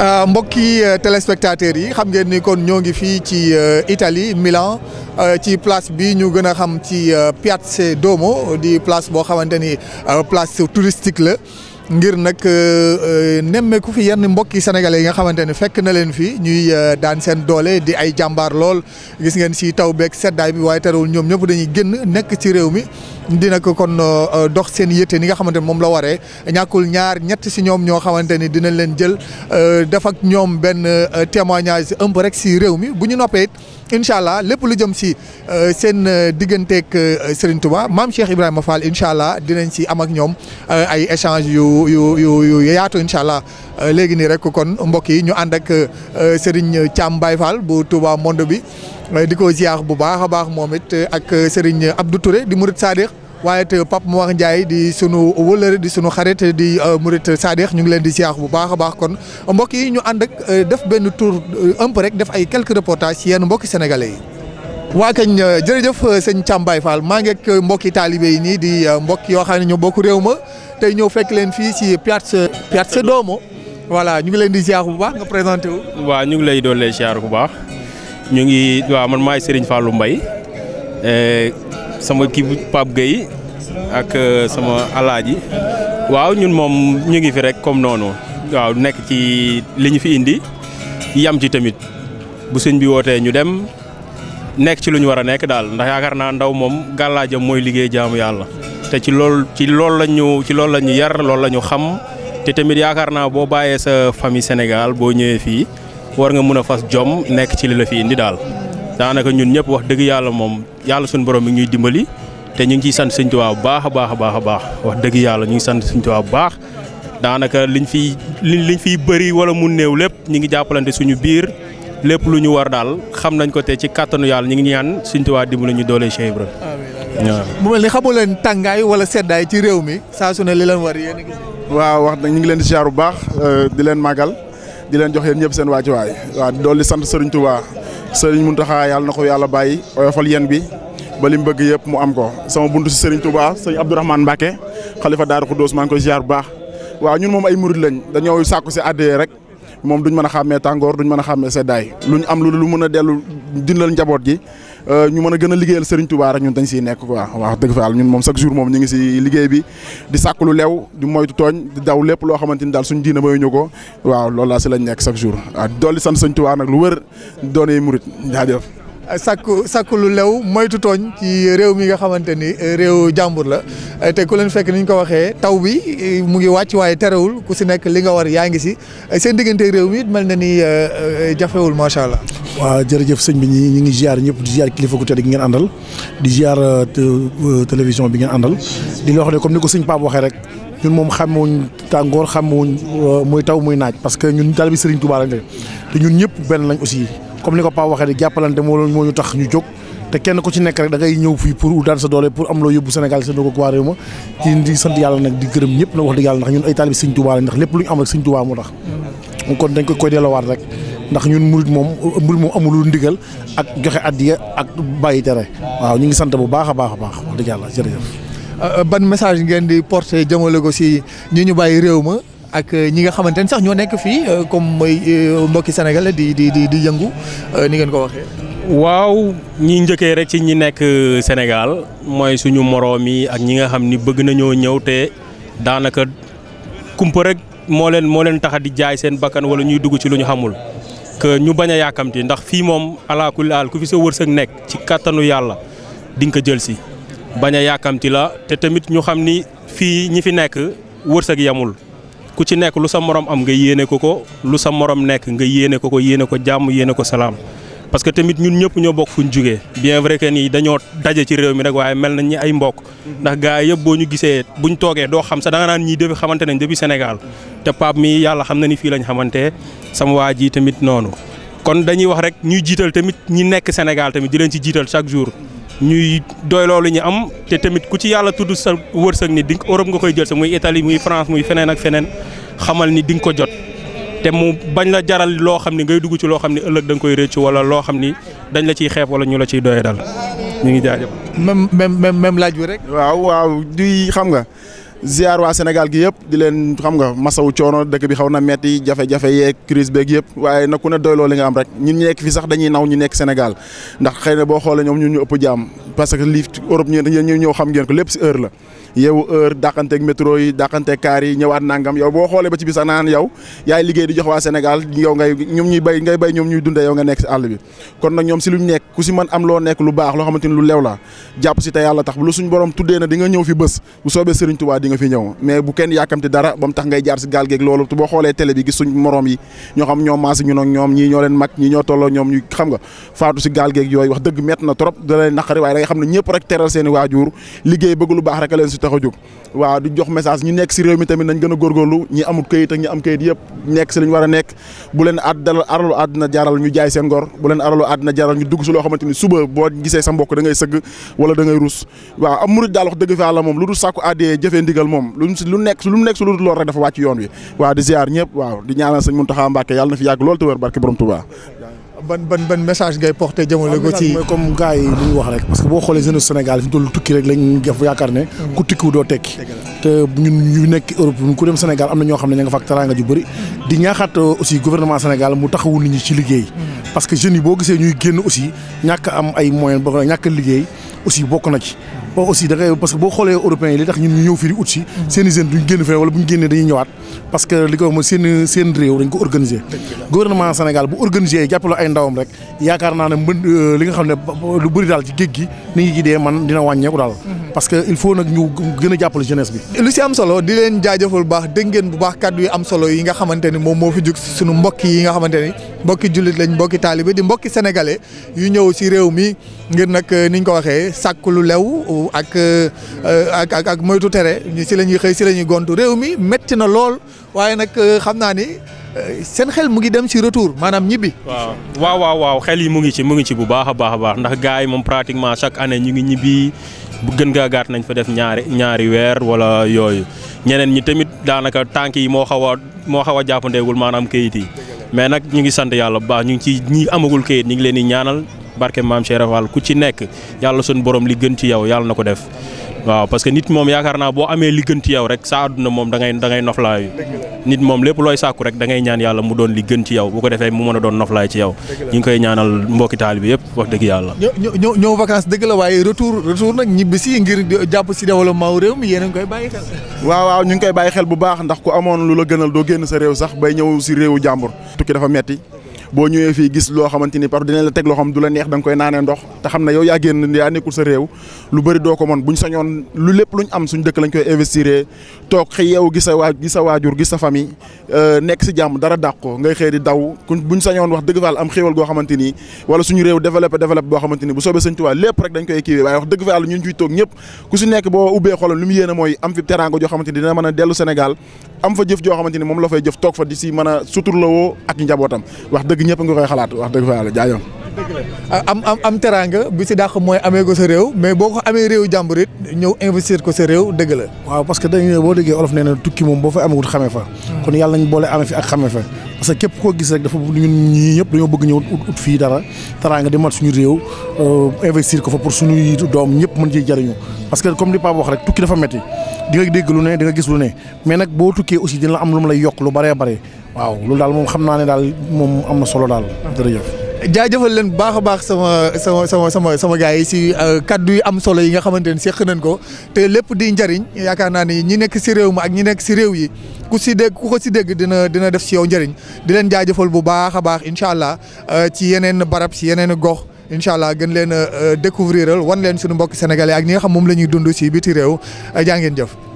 Euh, mbokki euh, téléspectateurs yi xam ngeen ni kon ñoo ngi fii ci euh, Italie Milan ci place bi ñu gën a xam ci Piazza domo di place boo xamante ni place touristique la. ngir nag euh, euh, nemmeeku fi yenn mbokki sénégalais yi nga xamante ne fekk na leen fi ñuy euh, daan seen doole di ay jàmbaar lool gis ngeen si taw beeg seddaay bi waaye terewul ñoom ñëpp dañuy génn nekk ci réew mi dina ko kon dox seen yétte ni nga xamante ne moom la waree ñàkkul ñaar ñett si ñoom ñoo xamante ni dinañ leen jël def ak ñoom benn témoignage un rek si réew mi bu ñu noppee it incha allah lépp lu jëm si euh, seen euh, digganteeg euh, Serigne Touba maam Cheikh Ibrahima Fall incha allah dinañ si am ak ñoom ay échange yu yu yu yu yaatu incha allah léegi nii rek kon mbokk yi ñu ànd ak Serigne Thiam Baye Fall bu Touba Monde bi di ko ziar bu baax a baax moom it ak Serigne Abdou Touré di Murid Sadiq waaye te it mu Mor Ndiaye di sunu wëllëre di sunu xarit di euh, murit Sadikh ñu ngi leen di siyaar bu baax a baax kon mbokk yi ñu ànd ak euh, def benn tour euh, un rek def ay quelques reportages si yenn mbokki sénégale yi. waa kañ jërëjëf sëñ cambaay Fall maa ngi ak mbokki taalibe yi nii di mbokk yoo xam ñu bokk réew ma te ñëw fekk leen fii ci Piazza Piazza Duomo voilà ñu ngi leen di ziar bu baax nga présenté wu. waaw ñu ngi lay doon lay ziar bu baax ñu ngi waaw man maay Serigne Fallou Mbaye sama kii Pape Gueye ak euh, sama alaaji waaw ñun moom ñu ngi fi rek comme noonu waaw nekk ci li ñu fi indi yam ci tamit bu sëñ bi wootee ñu dem nekk ci lu ñu war a nekk daal ndax yaakaar naa ndaw moom gàllaajam mooy liggéey jaamu yàlla te ci lool ci lool la ñu ci lool la ñu yar lool lañu xam te tamit yaakaar naa boo bàyyee sa famille Sénégal boo ñëwee fii war nga mun a fas jom nekk ci li la fi indi daal daanaka ñun ñëpp wax dëgg yàlla moom yàlla suñu borom bi ñuy dimbali te ñu ngi ciy sant sëñ Tuubaa bu baax a baax a baax a baax wax dëgg yàlla ñu ngi sant sëñ Tuubaa bu baax daanaka liñ fiy liñ fiy bari wala mu néew lépp ñu ngi jàppalante suñu biir lépp lu ñu war daal xam nañ ko te ci kàttanu yàlla ñu ngi ñaan sëñ Tuubaa dimbali ñu doole Cheikh Ibra waaw mu mel ni xamu tàngaay wala seddaay ci réew mi saa su ne li leen war yéen a wax ñu ngi leen di bu baax euh, di leen màggal di leen jox yéen ñëpp seen waa waay waaw dool di sant Sëriñ Tuubaa Sëriñ Muntaxa yàlla na ko ba li mu bëgg yëpp mu am ko sama buntu si Serigne Touba sëñ Abdourahmane Mbacke xalifa Daaru Xuddoos maa ko koy ziar bu baax waaw ñun moom ay murid lañ dañoo sàkku si àddee rek moom duñ mën a xàmmee tàngoor duñ mën a xàmmee seddaay luñ am lu lu mën a dellu dindal njaboot gi euh, ñu mën a gën a liggéeyal Serigne Touba rek ñun dañ siy nekk quoi waaw dëgg fa ñun moom chaque jour moom ñu ngi si liggéey bi di sàkk lu leew di moytu tooñ di daw lépp loo xamante ni daal suñ diina mayu ñu ko waaw loolu laa si lañ nekk chaque jour waaw dolli sant Sëñ Touba nag lu wër doonee murid jaajëf sàkku sàkku lu lew moytu tooñ ci réew mi nga xamante ni euh, réew jàmbur la euh, te ku leen fekk ni ñu ko waxee taw bi euh, mu ngi wàcc waaye terewul ku si nekk li nga war yaa ngi si seen diggante réew mi it mel na ni jafewul macha allah. waaw jërëjëf sëñ bi ñi ñu ngi ziar ñëpp di ziar kilifa gu tedd gi ngeen àndal di ziar télévision bi ngeen àndal di la wax ne comme ni ko sëñ Pape waxee rek. ñun moom wuñ tàngoor xam xamuñ muy taw muy naaj parce que ñun taalibe Serigne Touba lañ te ñun ñëpp benn lañ aussi comme ni ko Paa waxee di jàppalante moo moo ñu tax ñu jóg te kenn ku ci nekk rek dangay ngay ñëw fii pour daan sa doole pour am loo yóbbu Sénégal seen ko waa nag di gërëm ñëpp nag wax dëgg yàlla ndax ñun ay taalibi Sëñ Tuubaa lañ ndax lépp lu ñu am rek Sëñ Tuubaa moo tax kon dañ rek ndax ñun murit moom murit moom amul lu ndigal ak joxe addiya ak bàyyi tere waaw ñu ngi sant bu baax a baax a baax wax dëgg yàlla jërëjëf euh, euh, ban message ngeen di porté jëmale ko si ñu ñu bàyyi réew ma ak euh, ñi nga xamante ne sax ñoo nekk fii euh, comme mooy euh, mbokki Sénégal di di di di yëngu ni ngeen ko waxee. waaw ñi njëkkee rek ci ñi nekk Sénégal mooy suñu moroom yi ak ñi nga xam ni bëgg nañoo ñëw te daanaka kumpa rek moo leen moo leen tax di jaay seen bakkan wala ñuy dugg ci lu ñu xamul. que ñu bañ a yàkkamti ndax fii moom alaa kulli aal ku fi sa wërsëg nekk ci kàttanu yàlla di nga ko jël si bañ a yàkkamti la te tamit ñu xam ni fii ñi fi nekk wërsëg yamul. ku ci nekk lu sa morom am nga yéene ko ko lu sa morom nekk nga yéene ko ko yéene ko jàmm yéene ko salaam parce que tamit ñun ñëpp ñoo bokk fu ñu jugee bien vrai que ni dañoo daje ci réew mi rek waaye mel nañ ñi ay mbokk ndax gars yëpp boo ñu gisee bu ñu toogee doo xam sax da naan ñii depuis xamante nañ depuis Sénégal te Pape mi yàlla xam na ni fii lañ xamante sama waa ji tamit noonu kon dañuy wax rek ñuy jiital tamit ñi nekk Sénégal tamit di leen ci jiital chaque jour ñuy doy loolu ñu am te tamit ku ci yàlla tudd sa wërsëg ni di Europe nga koy jël sa muy Italie muy France muy feneen ak feneen xamal ni di nga ko jot te mu bañ la jaral loo xam ni ngay dugg ci loo xam ni ëllëg danga nga koy rëcc wala loo xam ni dañ la ciy xeeb wala ñu la ciy doy dal mu ngi jaajëf. même même même laaj bi rek. waaw waaw di xam nga. ziar waa Sénégal gi yëpp di leen xam nga masawu coono dëkk bi xaw na metti jafe-jafe yeeg crise beeg yëpp waaye na ku ne doyloo li nga am rek ñun nekk fi sax dañuy naw ñu nekk Sénégal ndax xëy na boo xoolee ñoom ñun ñu ëpp jaam parce que lii Europe ñu ñëw xam ngeen ko lépp si heure la yow heure dàqanteeg métro yi dàqanteeg kaar yi ñëwaat nangam yow boo xoolee ba ci bi sax naan yow yaay liggéey di jox waa Sénégal yow ngay ñoom ñuy ñoom si àll nekk ku si mën nekk lu baax loo xamante ni lu lew la jàpp si te yàlla nga ñëw fi bés bu soobee Serigne Touba di nga fi ñëw mais bu kenn yàkkamti dara ba mu tax ngay jaar si gaal ñii ñoo leen mag ñii ñoo tolloo ñoom ñu xam nga faatu si gaal geeg yooyu wax dëgg mett na trop da leen naqari waaye da nga xam ne ñëpp rek teral seeni waajur liggéey bëgg lu baax rek leen si tax a jóg waaw di jox message ñu nekk si réew mi tamit nañ gën a góorgóorlu ñi amul këyit ak ñi am këyit yëpp nekk si li war a nekk bu leen at dalal aralu àddina jaral ñu bu leen aralu àddina jaral dugg si loo xamante ni suba boo gisee sa mbokk da ngay sëgg wala da ngay rus waaw am murid daal wax dëgg fa yàlla moom lu dul sàkku addee jëfee ndigal moom lu lu nekk lu nekk si lu dul lool rek dafa wàcc yoon wi waaw di ziar ñëpp waaw di ñaanal sëñ Muntaxa Mbàkke yàlla na fi lool te ban ban message ngay porté jëmale ko ci comme gars yi li ñu wax rek parce que boo xoolee jeunesse Sénégal fi toll tukki rek lañ def yaakaar ne mm. ku tukkiwu doo tekki te ñu nekk Europe ku dem Sénégal am na ñoo xam ne ña nga ju bëri mm. di ñaaxaat euh, aussi gouvernement Sénégal mu taxawu nit ñi ci liggéey mm. parce que jeunes yi boo gisee ñuy génn aussi ñàkk am ay moyens ba ñàkk liggéey aussi bokk na ci aussi da ngay parce que boo xoolee européens yi li tax ñu ñëw fii di ut si mm-hmm. seen i jeunes duñ génn feneen wala bu ñu génnee dañuy ñëwaat parce que li ko wax mooy seen seen réew dañ ko organiser gouvernement Sénégal bu organiser jàppale ay ndawam rek yaakaar naa ne mbën euh, li nga xam ne lu bëri daal ci géej gi ni ngi gi dee man dina wàññeeku daal mm-hmm. parce que il faut nag ñu gën jàppal jàppale jeunesse bi. lu si am solo di leen jaajëfal bu baax dégg ngeen bu baax kàddu yi am solo yi nga xamante ni moom moo fi jug suñu mbokk yi nga xamante ni mbokki jullit lañ mbokki taalibe di mbokki sénégalais yu ñëw si réew mi ngir nag euh, niñ ko waxee sàkk lu lew ak euh, ak ak ak moytu tere si la ñuy xëy si la gont réew mi métti na lool waaye nag euh, xam naa ni. seen xel mu ngi dem si retour maanaam ñibbi. waaw waaw waaw xel yi mu ngi ci mu ngi ci bu baax a baax baax ndax gars yi moom pratiquement chaque année ñu ngi ñibbi. bu gën gaa gàtt nañ fa def ñaari ñaari weer wala yooyu ñeneen ñi tamit daanaka tànk yi moo xaw a moo xaw a jàppandeegul maanaam kayit yi mais nag ñu ngi sant yàlla bu baax ñu ngi ci ñi amagul kayit ñu ngi leen di ñaanal barke maam Cheikh Fall ku ci nekk yàlla suñu borom li gën ci yow yàlla na ko def waaw parce que nit moom yaakaar naa boo amee li gën ci yow rek sa àdduna moom da ngay da ngay noflaayu nit moom lépp looy sàkku rek da ngay ñaan yàlla mu doon li gën ci yow bu ko defee mu mën a doon noflaay ci yow ñu ngi koy ñaanal mbokki taalibe yëpp wax dëgg yàlla ñëw ñëw vacances dëgg la waaye retour retour nag ñibbi si ngir jàpp si maw réew mi yéen a ngi bàyyi xel waaw ñu ngi koy bàyyi xel bu baax ndax ku amoon lu la gënal doo génn sa réew sax bay ñëw si réewu jàmbur tukki dafa metti boo ñëwee fii gis loo xamante ni par dinañ la teg loo xam du la neex da nga koy naanee ndox te xam ne yow yaa génn yaa nekkul sa réew lu bëri doo ko mën buñ sañoon lu lépp luñ am suñ dëkk lañ koy investir toog xëy gis sa waa gis sa waajur gis sa famille euh, nekk si jàmm dara dàq ko ngay xëy di daw buñ sañoon wax dëgg faal am xéewal goo xamante ni wala suñu réew développé développé boo xamante ni bu soobee sëñ Tuubaa lépp rek dañ koy kiiwee waaye wax dëgg faal ñun ciy toog ñëpp ku si nekk boo lu mu yéene a dellu Sénégal am fa moom la fay jëf toog fa a suturlawoo ak njabootam wax dëgg ñëpp nga koy xalaat wax dëgg fa yàlla jaajëf am am am teraanga mooy amee ko sa réew mais boo ko amee réew jàmbur it ñëw investir ko sa réew dëgg la. waaw parce que dañu boo déggee olof nee na tukki moom boo fa amewut xamee fa. Hmm. kon yàlla nañ boole amee koo gis rek dafa ñun ñii ñëpp dañoo bëgg ñëw ut fii dara teraanga di mat suñu réew euh, investir ko fa pour suñuy doom ñëpp mën ci jariñu parce que comme li Pape wax rek tukki dafa metti di dégg lu ne di gis lu ne mais nag boo tukkee aussi dina la am lu mu lay yokk lu baree bare. waaw loolu daal moom xam naa ne daal moom am solo daal jërëjëf. jaajëfal leen baax a baax sama sama sama sama sama gars yi si euh, kaddu yu am solo yi nga xamante ni seq nañ ko te lépp di njëriñ yaakaar naa ni ñi nekk si réew mi ak ñi nekk si réew yi ku si dégg ku ko si dégg dina dina def si yow njëriñ di leen jaajëfal bu baax a baax incha allah euh, ci yeneen barab ci yeneen gox incha allah gën leen euh, découvriral wan leen sunu mbokk sénégalais ak ñi nga xam moom la ñuy dund si biti réew jaa ngeen